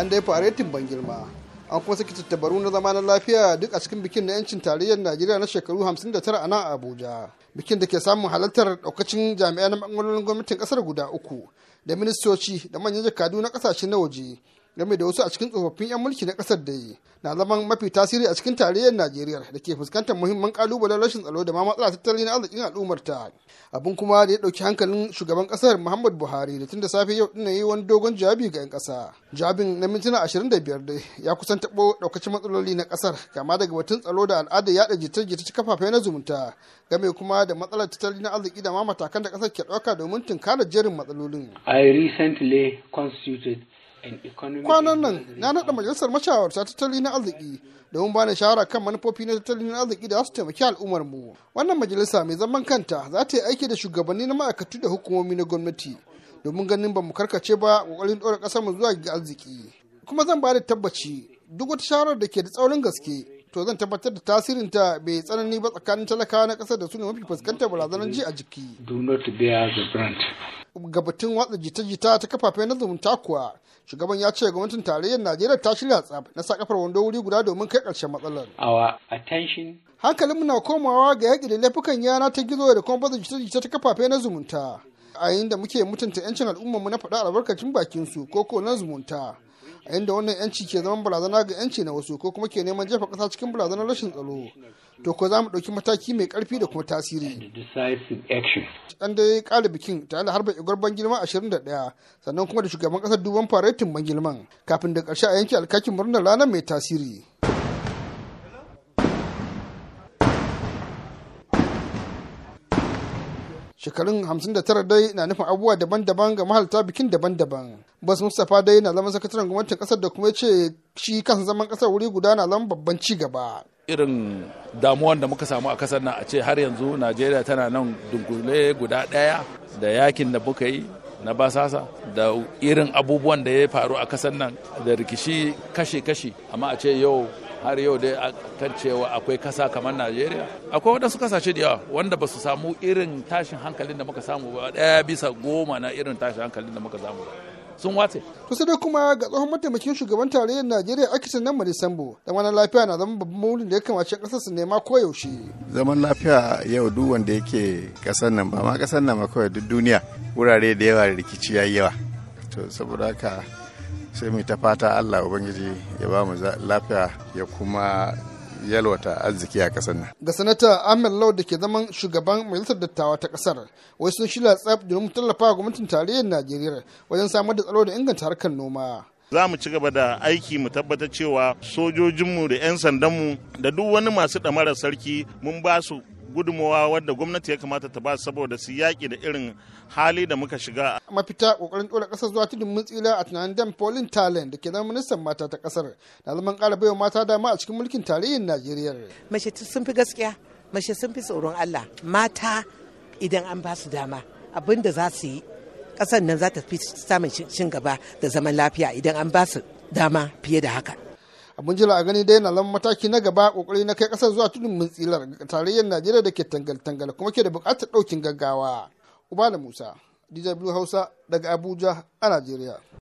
an dai faretin ban girma an kuma saki tattabaru na zama na lafiya duk a cikin bikin na 'yancin tarayyar najeriya na shekaru 59 a nan abuja bikin da ke samun halartar daukacin jami'a na bangarorin gwamnatin kasar guda uku da ministoci da manyan jakadu na kasashe na waje game da wasu a cikin tsofaffin 'yan mulki na kasar da yi na zaman mafi tasiri a cikin tarayyar najeriya da ke fuskantar muhimman kalubalen rashin tsaro da ma matsala tattalin arzikin al'ummar ta abin kuma da ya dauki hankalin shugaban kasar muhammad buhari da tun da safe yau dina yi wani dogon jawabi ga 'yan kasa jawabin na mintuna 25 da biyar ya kusan taɓo daukacin matsaloli na kasar kama daga batun tsaro da al'ada yada jita-jita ta kafafe na zumunta game kuma da matsalar tattalin arziki da ma matakan da kasar ke ɗauka domin tunkarar jerin matsalolin. I recently constituted kwanan nan na naɗa majalisar mashawarta tattali na arziki domin bani shawara kan manufofi na tattalin arziki da su taimaki al'ummar mu wannan majalisa mai zaman kanta za ta yi aiki da shugabanni na ma'aikatu da hukumomi na gwamnati domin ganin ba mu karkace ba kokarin ɗora ƙasar mu zuwa ga arziki kuma zan bada tabbaci duk wata shawarar da ke da tsaurin gaske to zan tabbatar da tasirin ta bai tsanani ba tsakanin talakawa na kasar da su ne mafi fuskantar barazanar ji a jiki. Do not bear the brunt. ga batun watsa jita-jita ta kafafen na zumunta kuwa shugaban ya ce gwamnatin tarayyar najeriya ta shirya tsab na sa kafar wando wuri guda domin kai ƙarshen matsalar our attention hankalinmu na komawa ga yaƙi da laifukan yana ta gizo da kuma baza jita-jita ta kafafe na zumunta a yayin da muke mutunta 'yancin al'ummarmu na faɗa albarkacin bakinsu ko ko na zumunta A inda wannan yanci ke zaman barazana ga yanci na wasu ko kuma ke neman jefa ƙasa cikin barazanar rashin tsaro to ko za mu ɗauki mataki mai ƙarfi da kuma tasiri an dai ƙara bikin tare da harba igwar ban girma 21 sannan kuma da shugaban ƙasar duban faretin ban girman kafin da ƙarshe a yanke alkakin murnar ranar mai tasiri shekarun 59 dai na nufin abubuwa daban-daban ga mahalta bikin daban-daban bas mustapha dai na zama sakataren gwamnatin kasar da kuma ce shi kansa zaman kasar wuri guda na zama babban ci gaba irin damuwan da muka samu a kasar nan a ce har yanzu najeriya tana nan dunkule guda ɗaya da yakin da muka yi na basasa da irin abubuwan da ya faru a kasar nan da rikici kashe-kashe amma a ce yau har yau dai kan cewa akwai kasa kamar najeriya akwai waɗansu kasashe da yawa wanda ba su samu irin tashin hankalin da muka samu ba ɗaya bisa goma na irin tashin hankalin da muka samu ba sun wace. To sai dai kuma ga tsohon mataimakin shugaban tarayyar Najeriya sun nan Mari Sambo, zaman lafiya na zama babban maurin da ya kamace kasar su nema koyaushe. Zaman lafiya yau duk wanda yake kasar nan ba ma kasar nan ba kawai duk duniya wurare da yawa rikici yayi yawa. To saboda haka sai mu ta fata allah ubangiji ya ba mu lafiya ya kuma yalwata arziki a ƙasar nan. Ga sanata Ahmed Law da ke zaman shugaban majalisar dattawa ta ƙasar, wai sun shirya tsaf domin tallafa gwamnatin tarayyar Najeriya wajen samar da tsaro da inganta harkar noma. za mu ci gaba da aiki mu tabbata cewa sojojinmu da 'yan sandanmu da duk wani masu ɗamarar sarki mun ba su gudunmawa wadda gwamnati ya kamata ta ba saboda su yaƙi da irin hali da muka shiga. Mafita ƙoƙarin ɗora ƙasar zuwa tudun mutsila a tunanin Dan Pauline Talen da ke zama ministan mata ta ƙasar na zaman ƙara baiwa mata dama a cikin mulkin tarihin Najeriya. Mace sun fi gaskiya, mace sun fi tsoron Allah. Mata idan an ba su dama abin da za su yi ƙasar nan za ta fi samun cin gaba da zaman lafiya idan an ba su dama fiye da haka. abin jira a gani dai na lan mataki na gaba kokari na kai kasar zuwa tudun mun tsilar tarayyar najeriya da ke tangal-tangal kuma ke da bukatar daukin gaggawa uba da musa dj blue hausa daga abuja a najeriya